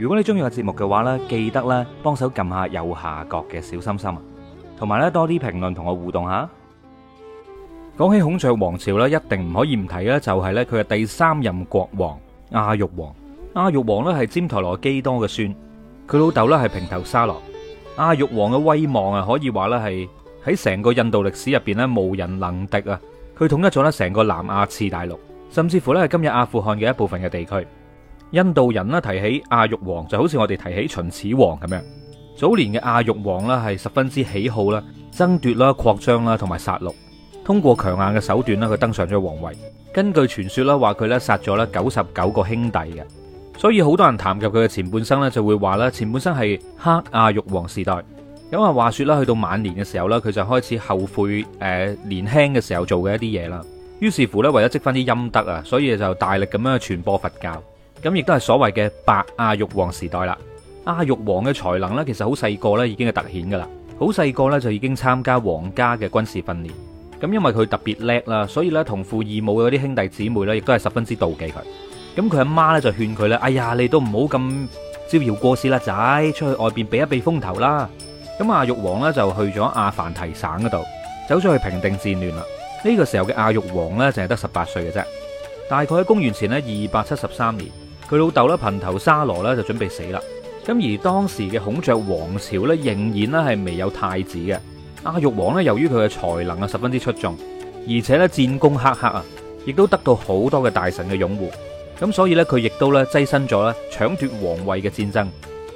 如果你中意嘅節目嘅話呢，記得咧幫手撳下右下角嘅小心心。啊，同埋咧多啲評論同我互動下。講起孔雀王朝呢，一定唔可以唔提呢就係呢佢嘅第三任國王阿育王。阿育王呢係旃陀羅基多嘅孫，佢老豆呢係平頭沙羅。阿育王嘅威望啊，可以話呢係喺成個印度歷史入邊呢無人能敵啊！佢統一咗呢成個南亞次大陸，甚至乎呢係今日阿富汗嘅一部分嘅地區。印度人啦，提起阿育王就好似我哋提起秦始皇咁樣。早年嘅阿育王啦係十分之喜好啦，爭奪啦、擴張啦同埋殺戮。通過強硬嘅手段啦，佢登上咗皇位。根據傳說啦，話佢咧殺咗咧九十九個兄弟嘅，所以好多人談及佢嘅前半生咧就會話咧前半生係黑阿育王時代。咁啊，話說啦，去到晚年嘅時候啦，佢就開始後悔誒、呃、年輕嘅時候做嘅一啲嘢啦。於是乎咧，為咗積翻啲陰德啊，所以就大力咁樣去傳播佛教。咁亦都係所謂嘅白阿育王時代啦。阿育王嘅才能呢，其實好細個呢已經係突顯噶啦。好細個呢就已經參加皇家嘅軍事訓練。咁因為佢特別叻啦，所以呢同父異母嗰啲兄弟姊妹呢，亦都係十分之妒忌佢。咁佢阿媽呢，就勸佢呢：「哎呀，你都唔好咁招搖過市啦，仔出去外邊避一避風頭啦。咁阿育王呢，就去咗阿凡提省嗰度，走咗去平定戰亂啦。呢、這個時候嘅阿育王呢，淨係得十八歲嘅啫。大概喺公元前呢，二百七十三年。佢老豆咧，貧頭沙羅咧就準備死啦。咁而當時嘅孔雀王朝咧仍然咧係未有太子嘅。阿、啊、育王呢，由於佢嘅才能啊十分之出眾，而且咧戰功赫赫啊，亦都得到好多嘅大臣嘅擁護。咁所以咧佢亦都咧躋身咗咧搶奪皇位嘅戰爭。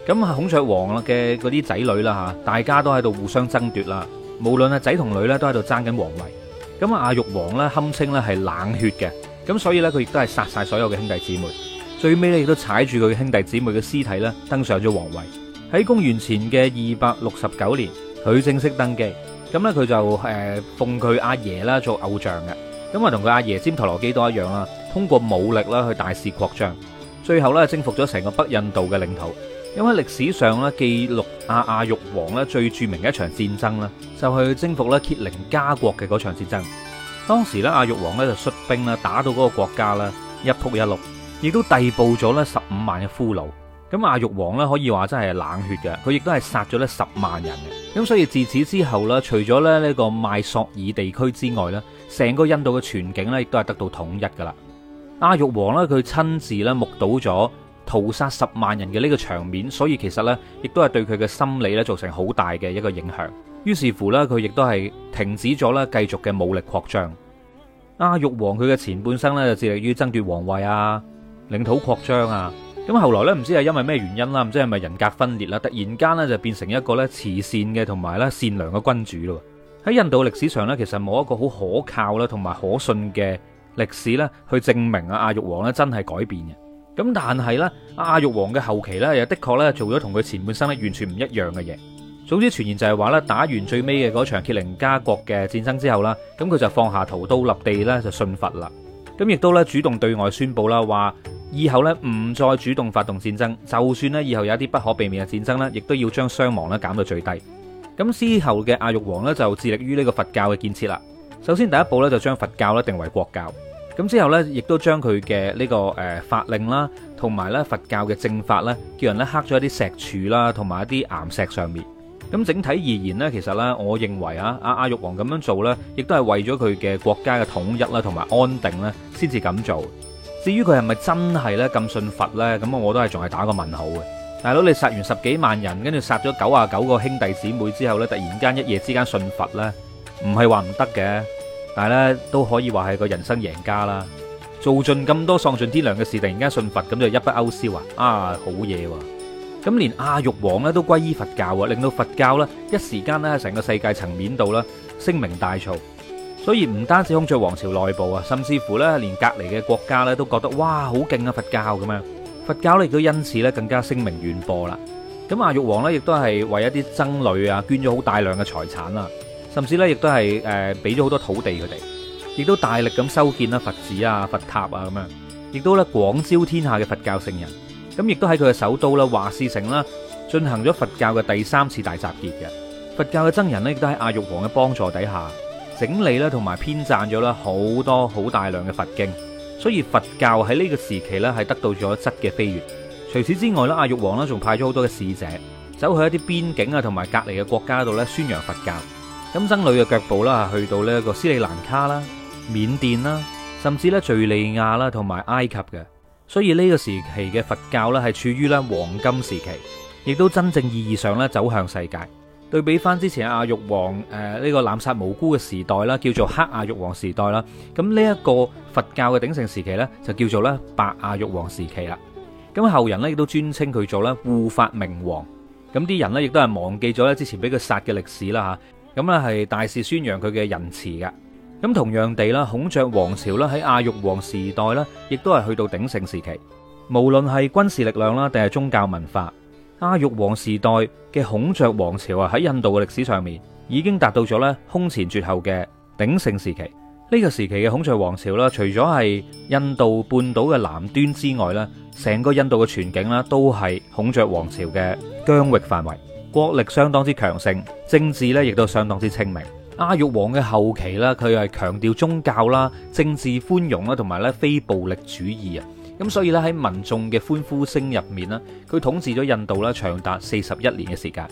咁啊孔雀王嘅嗰啲仔女啦吓，大家都喺度互相爭奪啦。無論阿仔同女咧都喺度爭緊皇位。咁、啊、阿育王呢，堪稱咧係冷血嘅。咁所以咧佢亦都係殺晒所有嘅兄弟姊妹。最尾亦都踩住佢兄弟姊妹嘅屍體咧，登上咗皇位。喺公元前嘅二百六十九年，佢正式登基。咁呢，佢就誒奉佢阿爺啦做偶像嘅。咁啊，同佢阿爺旃陀羅笈多都一樣啦，通過武力啦去大肆擴張。最後咧，征服咗成個北印度嘅領土。因為歷史上咧記錄阿阿育王呢最著名嘅一場戰爭啦，就係征服咧羯陵伽國嘅嗰場戰爭。當時咧，阿育王呢就率兵咧打到嗰個國家啦，一仆一碌。亦都逮捕咗咧十五萬嘅俘虜，咁阿育王咧可以話真係冷血嘅，佢亦都係殺咗咧十萬人嘅，咁所以自此之後咧，除咗咧呢個邁索爾地區之外咧，成個印度嘅全境咧亦都係得到統一噶啦。阿育王咧佢親自咧目睹咗屠殺十萬人嘅呢個場面，所以其實呢亦都係對佢嘅心理咧造成好大嘅一個影響。於是乎呢佢亦都係停止咗咧繼續嘅武力擴張。阿育王佢嘅前半生咧就致力於爭奪皇位啊。領土擴張啊，咁後來咧唔知係因為咩原因啦，唔知係咪人格分裂啦，突然間咧就變成一個咧慈善嘅同埋咧善良嘅君主咯。喺印度歷史上咧，其實冇一個好可靠啦同埋可信嘅歷史咧去證明啊，阿育王咧真係改變嘅。咁但係咧阿育王嘅後期咧又的確咧做咗同佢前半生咧完全唔一樣嘅嘢。總之傳言就係話咧打完最尾嘅嗰場羯陵伽國嘅戰爭之後啦，咁佢就放下屠刀立地咧就信佛啦，咁亦都咧主動對外宣佈啦話。以後咧唔再主動發動戰爭，就算咧以後有一啲不可避免嘅戰爭咧，亦都要將傷亡咧減到最低。咁之後嘅阿育王咧就致力於呢個佛教嘅建設啦。首先第一步呢，就將佛教咧定為國教，咁之後呢，亦都將佢嘅呢個誒法令啦，同埋咧佛教嘅正法呢，叫人咧刻咗一啲石柱啦，同埋一啲岩石上面。咁整體而言呢，其實呢，我認為啊，阿阿育王咁樣做呢，亦都係為咗佢嘅國家嘅統一啦，同埋安定咧，先至咁做。至於佢係咪真係咧咁信佛呢？咁我都係仲係打個問號嘅。大佬，你殺完十幾萬人，跟住殺咗九啊九個兄弟姊妹之後呢，突然間一夜之間信佛呢？唔係話唔得嘅，但係呢都可以話係個人生贏家啦。做盡咁多喪盡天良嘅事，突然間信佛咁就一筆勾銷啊！啊，好嘢喎、啊！咁連阿育王呢都皈依佛教啊，令到佛教呢，一時間呢，成個世界層面度咧聲名大噪。所以唔單止孔雀王朝內部啊，甚至乎呢連隔離嘅國家呢，都覺得哇，好勁啊佛教咁樣，佛教呢亦都因此呢更加聲名遠播啦。咁、啊、阿育王呢，亦都係為一啲僧侶啊捐咗好大量嘅財產啦，甚至呢亦都係誒俾咗好多土地佢哋，亦都大力咁修建啦佛寺啊佛塔啊咁樣，亦都咧廣招天下嘅佛教聖人。咁亦都喺佢嘅首都啦華氏城啦進行咗佛教嘅第三次大集結嘅佛教嘅僧人呢，亦都喺阿育王嘅幫助底下。整理咧，同埋編撰咗咧好多好大量嘅佛經，所以佛教喺呢個時期咧係得到咗質嘅飛躍。除此之外咧，阿育王咧仲派咗好多嘅使者，走去一啲邊境啊同埋隔籬嘅國家度咧宣揚佛教。金僧侶嘅腳步啦，去到呢個斯里蘭卡啦、緬甸啦，甚至咧敘利亞啦同埋埃及嘅。所以呢個時期嘅佛教咧係處於咧黃金時期，亦都真正意義上咧走向世界。對比返之前阿育王呢個濫殺無辜嘅時代呢，叫做黑阿育王時代呢，呢個佛教嘅鼎盛時期就叫做白阿育王時期了。阿育王時代嘅孔雀王朝啊，喺印度嘅歷史上面已經達到咗咧空前絕後嘅鼎盛時期。呢個時期嘅孔雀王朝啦，除咗係印度半島嘅南端之外咧，成個印度嘅全境啦都係孔雀王朝嘅疆域範圍，國力相當之強盛，政治咧亦都相當之清明。阿育王嘅後期啦，佢係強調宗教啦、政治寬容啦，同埋咧非暴力主義啊。咁所以咧喺民眾嘅歡呼聲入面呢佢統治咗印度啦長達四十一年嘅時間。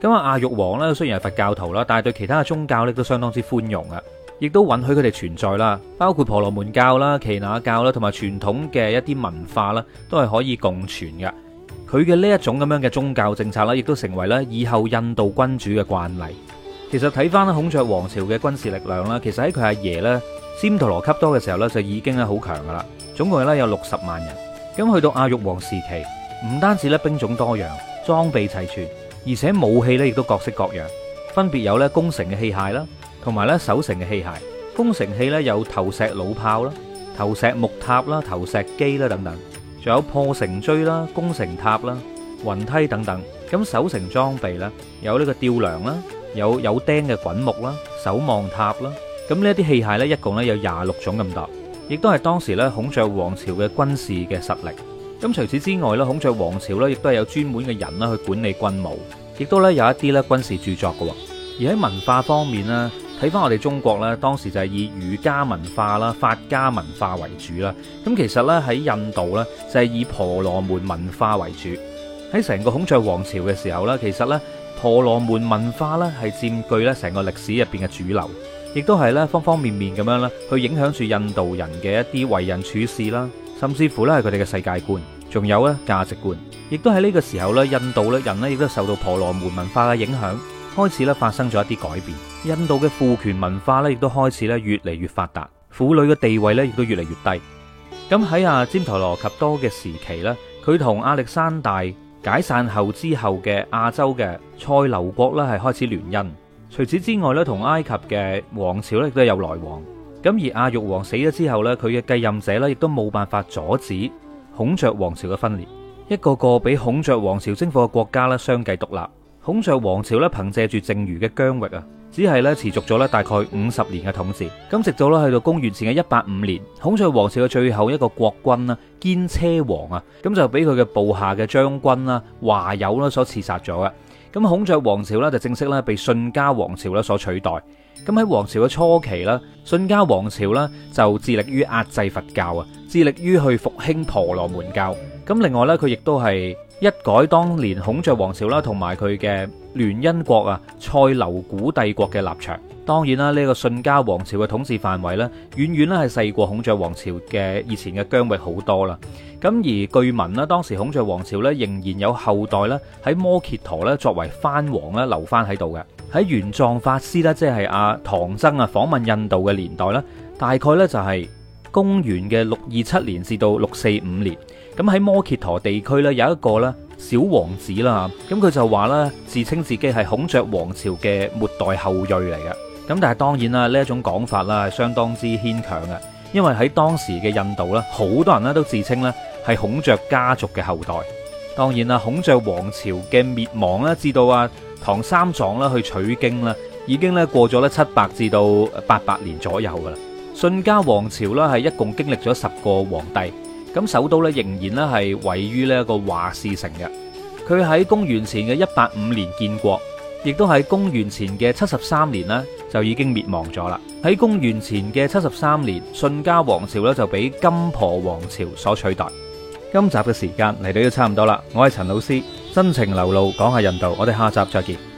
咁啊阿育王呢，雖然係佛教徒啦，但係對其他宗教呢都相當之寬容啊，亦都允許佢哋存在啦，包括婆羅門教啦、耆那教啦同埋傳統嘅一啲文化啦，都係可以共存嘅。佢嘅呢一種咁樣嘅宗教政策啦，亦都成為咧以後印度君主嘅慣例。其實睇翻孔雀王朝嘅軍事力量啦，其實喺佢阿爺咧。旃陀羅笈多嘅時候咧，就已經咧好強噶啦。總共咧有六十萬人。咁去到阿育王時期，唔單止咧兵種多樣，裝備齊全，而且武器咧亦都各式各樣。分別有咧攻城嘅器械啦，同埋咧守城嘅器械。攻城器咧有投石弩炮啦、投石木塔啦、投石機啦等等，仲有破城錐啦、攻城塔啦、雲梯等等。咁守城裝備咧有呢個吊梁啦，有有釘嘅滾木啦，守望塔啦。咁呢啲器械呢，一共呢有廿六種咁多，亦都係當時咧孔雀王朝嘅軍事嘅實力。咁除此之外咧，孔雀王朝呢亦都係有專門嘅人啦去管理軍務，亦都咧有一啲咧軍事著作㗎。而喺文化方面呢，睇翻我哋中國呢，當時就係以儒家文化啦、法家文化為主啦。咁其實呢，喺印度呢，就係以婆羅門文化為主。喺成個孔雀王朝嘅時候呢，其實呢婆羅門文化呢係佔據咧成個歷史入邊嘅主流。亦都係咧，方方面面咁樣咧，去影響住印度人嘅一啲為人處事啦，甚至乎咧係佢哋嘅世界觀，仲有咧價值觀。亦都喺呢個時候咧，印度咧人咧亦都受到婆羅門文化嘅影響，開始咧發生咗一啲改變。印度嘅父權文化咧，亦都開始咧越嚟越發達，婦女嘅地位咧亦都越嚟越低。咁喺阿旃陀羅笈多嘅時期咧，佢同亞歷山大解散後之後嘅亞洲嘅塞琉國咧係開始聯姻。除此之外咧，同埃及嘅王朝咧都有來往。咁而阿育王死咗之後咧，佢嘅繼任者咧亦都冇辦法阻止孔雀王朝嘅分裂。一個個俾孔雀王朝征服嘅國家咧相繼獨立。孔雀王朝咧憑借住剩餘嘅疆域啊，只係咧持續咗咧大概五十年嘅統治。咁直到咧去到公元前嘅一八五年，孔雀王朝嘅最後一個國君啦堅車王啊，咁就俾佢嘅部下嘅將軍啦華友啦所刺殺咗嘅。咁孔雀王朝咧就正式咧被信家王朝咧所取代。咁喺王朝嘅初期咧，信家王朝咧就致力於壓制佛教啊，致力於去復興婆羅門教。咁另外咧，佢亦都係一改當年孔雀王朝啦同埋佢嘅聯姻國啊塞琉古帝國嘅立場。當然啦，呢、這個信家王朝嘅統治範圍呢，遠遠咧係細過孔雀王朝嘅以前嘅疆域好多啦。咁而據聞咧，當時孔雀王朝呢，仍然有後代呢喺摩羯陀咧作為藩王咧留翻喺度嘅。喺玄奘法師呢，即係阿唐僧啊訪問印度嘅年代呢，大概呢就係公元嘅六二七年至到六四五年。咁喺摩羯陀地區呢，有一個呢小王子啦，咁佢就話呢，自稱自己係孔雀王朝嘅末代後裔嚟嘅。咁但係當然啦，呢一種講法啦係相當之牽強嘅，因為喺當時嘅印度呢，好多人呢都自稱呢係孔雀家族嘅後代。當然啦，孔雀王朝嘅滅亡呢，至到啊唐三藏啦去取經啦，已經呢過咗呢七百至到八百年左右㗎喇。巽伽王朝呢係一共經歷咗十個皇帝，咁首都呢仍然呢係位於呢個華氏城嘅。佢喺公元前嘅一八五年建國。亦都喺公元前嘅七十三年呢，就已經滅亡咗啦。喺公元前嘅七十三年，信家王朝呢，就俾金婆王朝所取代。今集嘅時間嚟到都差唔多啦，我係陳老師，真情流露講下印度，我哋下集再見。